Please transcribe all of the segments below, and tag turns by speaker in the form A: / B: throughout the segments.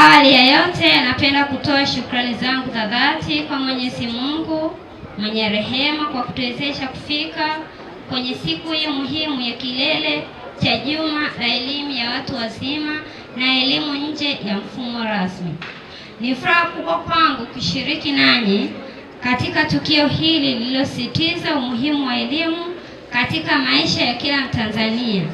A: Awali ya yote napenda kutoa shukrani zangu za dhati kwa Mwenyezi Mungu mwenye rehema kwa kutuwezesha kufika kwenye siku hii muhimu ya kilele cha juma la elimu ya watu wazima na elimu nje ya mfumo rasmi. Ni furaha kubwa kwangu kushiriki nanyi katika tukio hili lililosisitiza umuhimu wa elimu katika maisha ya kila Mtanzania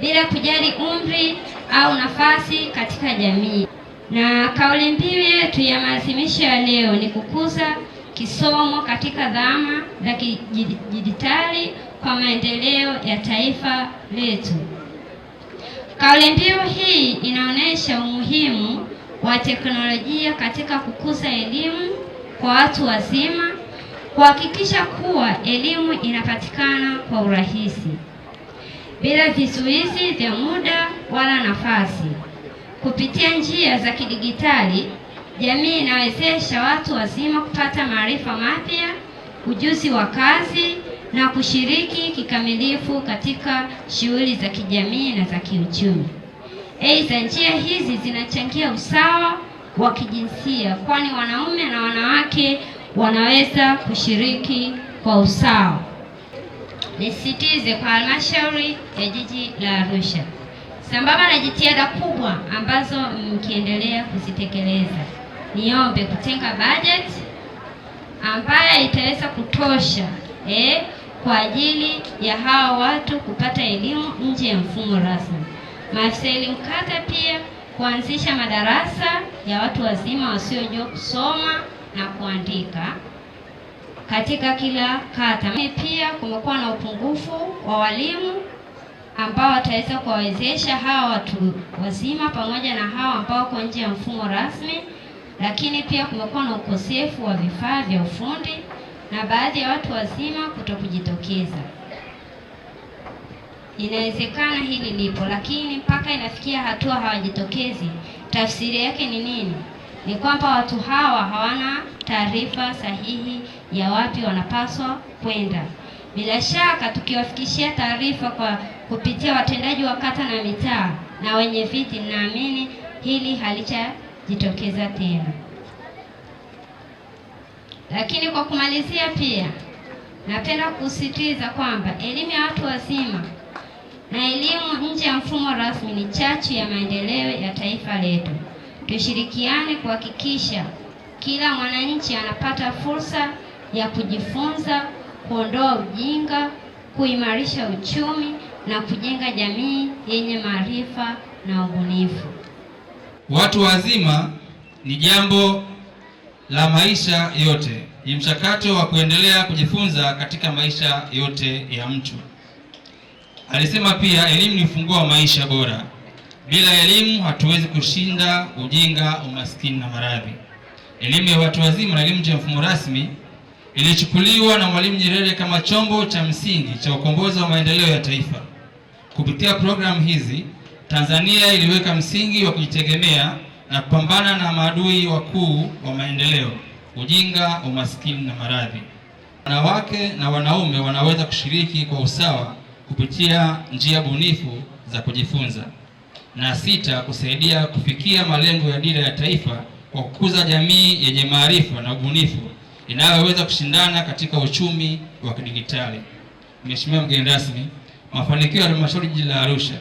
A: bila kujali umri au nafasi katika jamii na kauli mbiu yetu ya maadhimisho ya leo ni kukuza kisomo katika dhama za kidijitali kwa maendeleo ya taifa letu. Kauli mbiu hii inaonyesha umuhimu wa teknolojia katika kukuza elimu kwa watu wazima, kuhakikisha kuwa elimu inapatikana kwa urahisi bila vizuizi vya muda wala nafasi. Kupitia njia za kidigitali, jamii inawezesha watu wazima kupata maarifa mapya, ujuzi wa kazi na kushiriki kikamilifu katika shughuli za kijamii na za kiuchumi. Aidha, njia hizi zinachangia usawa wa kijinsia, kwani wanaume na wanawake wanaweza kushiriki kwa usawa. Nisitize kwa halmashauri ya jiji la Arusha sambamba na jitihada kubwa ambazo mkiendelea kuzitekeleza, niombe kutenga bajeti ambayo itaweza kutosha eh, kwa ajili ya hawa watu kupata elimu nje ya mfumo rasmi. Maafisa elimu kata pia kuanzisha madarasa ya watu wazima wasiojua kusoma na kuandika katika kila kata. Pia kumekuwa na upungufu wa walimu ambao wataweza kuwawezesha hawa watu wazima pamoja na hawa ambao wako nje ya mfumo rasmi. Lakini pia kumekuwa na ukosefu wa vifaa vya ufundi na baadhi ya watu wazima kutokujitokeza. Inawezekana hili lipo, lakini mpaka inafikia hatua hawajitokezi, tafsiri yake ni nini? Ni kwamba watu hawa hawana taarifa sahihi ya wapi wanapaswa kwenda. Bila shaka tukiwafikishia taarifa kwa kupitia watendaji wa kata na mitaa na wenye viti, naamini hili halichajitokeza tena. Lakini kwa kumalizia, pia napenda kusisitiza kwamba elimu ya watu wazima na elimu nje ya mfumo rasmi ni chachu ya maendeleo ya taifa letu. Tushirikiane kuhakikisha kila mwananchi anapata fursa ya kujifunza kuondoa ujinga, kuimarisha uchumi na kujenga jamii yenye maarifa na ubunifu.
B: Watu wazima ni jambo la maisha yote, ni mchakato wa kuendelea kujifunza katika maisha yote ya mtu. Alisema pia, elimu ni ufunguo wa maisha bora. Bila elimu hatuwezi kushinda ujinga, umaskini na maradhi. Elimu ya watu wazima na elimu ya mfumo rasmi ilichukuliwa na Mwalimu Nyerere kama chombo cha msingi cha ukombozi wa maendeleo ya taifa. Kupitia programu hizi, Tanzania iliweka msingi wa kujitegemea na kupambana na maadui wakuu wa maendeleo: ujinga, umaskini na maradhi. Wanawake na wanaume wanaweza kushiriki kwa usawa kupitia njia bunifu za kujifunza. Na sita, kusaidia kufikia malengo ya dira ya taifa kwa kukuza jamii yenye maarifa na ubunifu inayoweza kushindana katika uchumi wa kidijitali. Mheshimiwa mgeni rasmi, mafanikio ya halmashauri jiji la Arusha.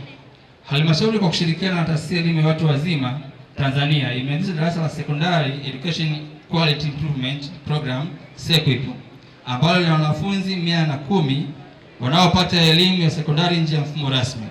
B: Halmashauri kwa kushirikiana na taasisi ya elimu ya watu wazima Tanzania imeanzisha darasa la secondary Education Quality Improvement Program SEQIP ambalo lina wanafunzi mia na kumi wanaopata elimu ya sekondari nje ya mfumo rasmi.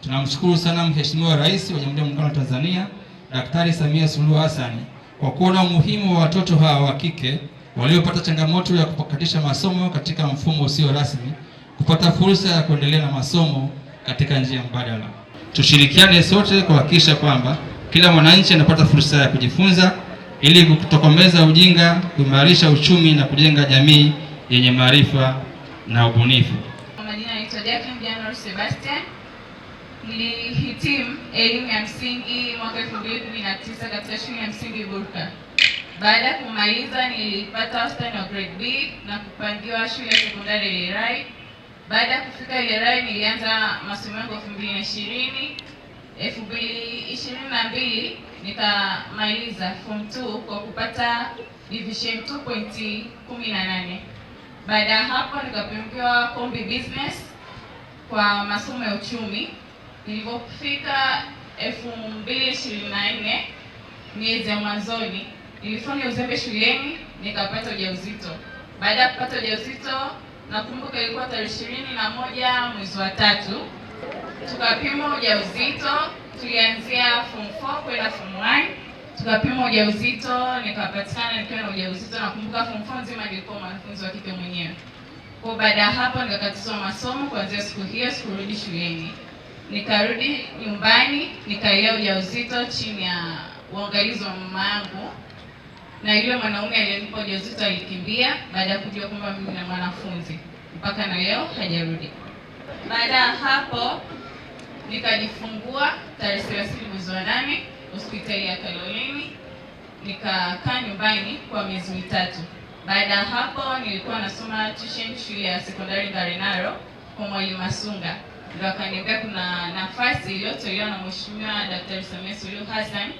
B: Tunamshukuru sana Mheshimiwa Rais wa Jamhuri ya Muungano wa Tanzania Daktari Samia Suluhu Hassan kwa kuona umuhimu wa watoto hawa wa kike waliopata changamoto ya kupakatisha masomo katika mfumo usio rasmi kupata fursa ya kuendelea na masomo katika njia mbadala. Tushirikiane sote kuhakikisha kwamba kila mwananchi anapata fursa ya kujifunza ili kutokomeza ujinga, kuimarisha uchumi na kujenga jamii yenye maarifa na ubunifu.
C: majina naitwa Sebastian. Nilihitimu elimu ya msingi mwaka 2019 katika shule ya msingi Burka. Baada ya kumaliza nilipata wastani wa grade B na kupangiwa shule ya sekondari Lerai. Baada ya kufika Lerai nilianza masomo yangu 2020. 2022 nikamaliza form 2 kwa kupata division 2.18. Baada ya hapo nikapangiwa kombi business kwa masomo ya uchumi. Nilipofika 2024 miezi ya mwanzoni Nilifanya uzembe shuleni nikapata ujauzito. Baada ya kupata ujauzito, nakumbuka ilikuwa tarehe ishirini na moja mwezi wa tatu, tukapima ujauzito. Tulianzia form 4 kwenda form 1 tukapima ujauzito, nikapatikana nikiwa na ujauzito. Nakumbuka form 4 nzima nilikuwa mwanafunzi wa kike mwenyewe. Kwa baada ya hapo nikakatizwa masomo kuanzia siku hiyo, sikurudi shuleni. Nikarudi nyumbani, nikailea ujauzito chini ya uangalizi wa mama yangu na yule mwanaume aliyenipa ujauzito alikimbia baada ya kujua kwamba mimi na mwanafunzi, mpaka na leo hajarudi. Baada ya hapo nikajifungua tarehe thelathini mwezi wa nane hospitali ya Kalolini, nikakaa nyumbani kwa miezi mitatu. Baada ya hapo nilikuwa nasoma tuition shule ya sekondari Ngarenaro kwa mwalimu Masunga, ndio akaniambia kuna nafasi iliyotolewa na Mheshimiwa Daktari Samia Suluhu Hassan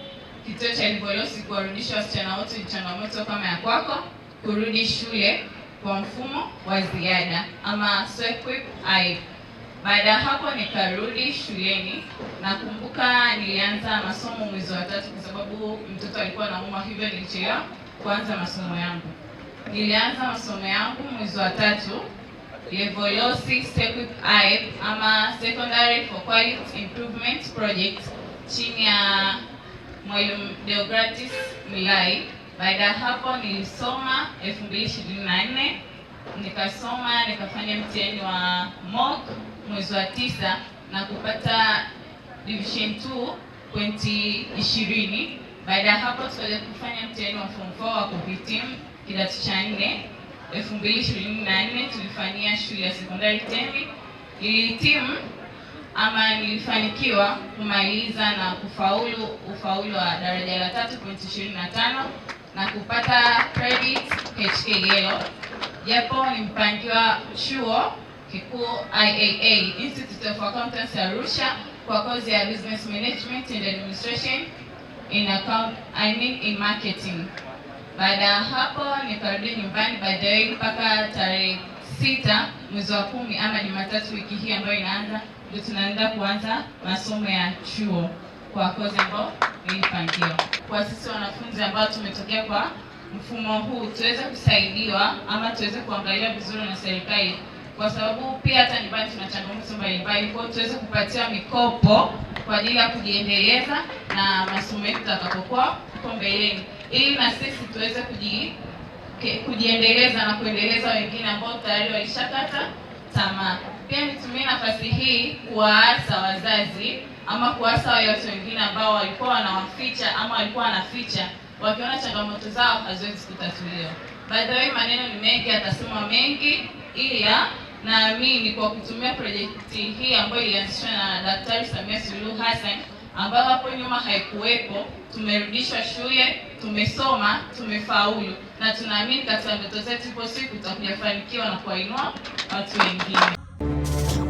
C: kituo cha Libolosi kuwarudisha wasichana wote ni changamoto kama ya kwako kurudi shule kwa mfumo wa ziada ama SEQUIP aid. Baada ya hapo nikarudi shuleni. Nakumbuka nilianza masomo mwezi wa tatu kwa sababu mtoto alikuwa anaumwa, hivyo nilichelewa kuanza masomo yangu. Nilianza masomo yangu mwezi wa tatu Levolosi SEQUIP aid ama Secondary for Quality Improvement Project chini ya Mwalimu Deogratis Milai. Baada ya hapo nilisoma 2024 nikasoma nikafanya mtihani wa mock mwezi wa tisa na kupata division 2 pointi ishirini. Baada ya hapo tukaja kufanya mtihani wa form 4 wa kuhitimu kidato cha 4 2024, tulifanyia shule ya sekondari Tembi, ilihitimu ama nilifanikiwa kumaliza na kufaulu ufaulu wa daraja la 3.25 na kupata credit HKLO, japo nimpangiwa chuo kikuu IAA Institute of Accountants Arusha kwa kozi ya Business Management and Administration in account, I mean in marketing. Baada ya hapo nikarudi nyumbani baadaye mpaka tarehe sita mwezi wa kumi ama Jumatatu wiki hii ambayo inaanza ndio tunaenda kuanza masomo ya chuo kwa kozi ambao nilipangiwa. Kwa sisi wanafunzi ambao tumetokea kwa mfumo huu, tuweze kusaidiwa ama tuweze kuangalia vizuri na serikali, kwa sababu pia hata nyumbani tuna changamoto mbalimbali, kwa tuweze kupatiwa mikopo kwa ajili ya kujiendeleza na masomo yetu tutakapokuwa huko mbeleni, ili na sisi tuweze kuji, kujiendeleza na kuendeleza wengine ambao tayari walishakata tamaa. Pia nitumie nafasi hii kuwaasa wazazi ama kuwaasa wale watu wengine ambao walikuwa wanawaficha ama walikuwa wanaficha wakiona changamoto zao haziwezi kutatuliwa. By the way, maneno ni mengi, atasema mengi, ila naamini kwa kutumia projekti hii ambayo ilianzishwa na Daktari Samia Suluhu Hassan ambayo hapo nyuma haikuwepo, tumerudishwa shule, tumesoma, tumefaulu na tunaamini katika ndoto zetu, ipo siku tutakujafanikiwa na kuwainua watu wengine.